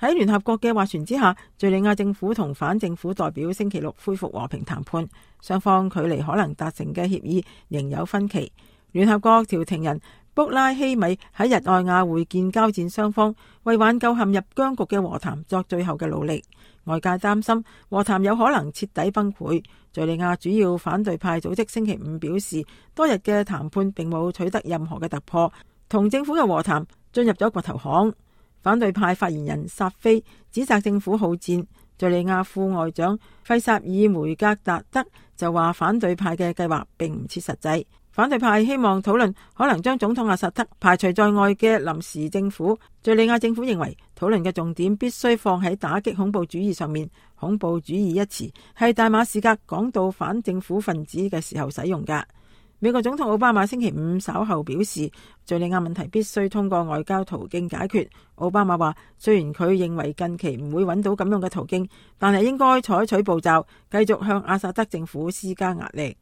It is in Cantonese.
喺聯合國嘅斡旋之下，敘利亞政府同反政府代表星期六恢復和平談判，雙方距離可能達成嘅協議仍有分歧。聯合國調停人卜拉希米喺日內瓦會見交戰雙方，為挽救陷入僵局嘅和談作最後嘅努力。外界擔心和談有可能徹底崩潰。敘利亞主要反對派組織星期五表示，多日嘅談判並冇取得任何嘅突破，同政府嘅和談進入咗掘頭巷。反對派發言人薩菲指責政府好戰。敘利亞副外長費薩爾·梅格達德就話，反對派嘅計劃並唔切實際。反對派希望討論可能將總統阿薩德排除在外嘅臨時政府。敘利亞政府認為討論嘅重點必須放喺打擊恐怖主義上面。恐怖主義一詞係大馬士革講到反政府分子嘅時候使用噶。美國總統奧巴馬星期五稍後表示，敘利亞問題必須通過外交途徑解決。奧巴馬話，雖然佢認為近期唔會揾到咁樣嘅途徑，但係應該採取步驟，繼續向阿薩德政府施加壓力。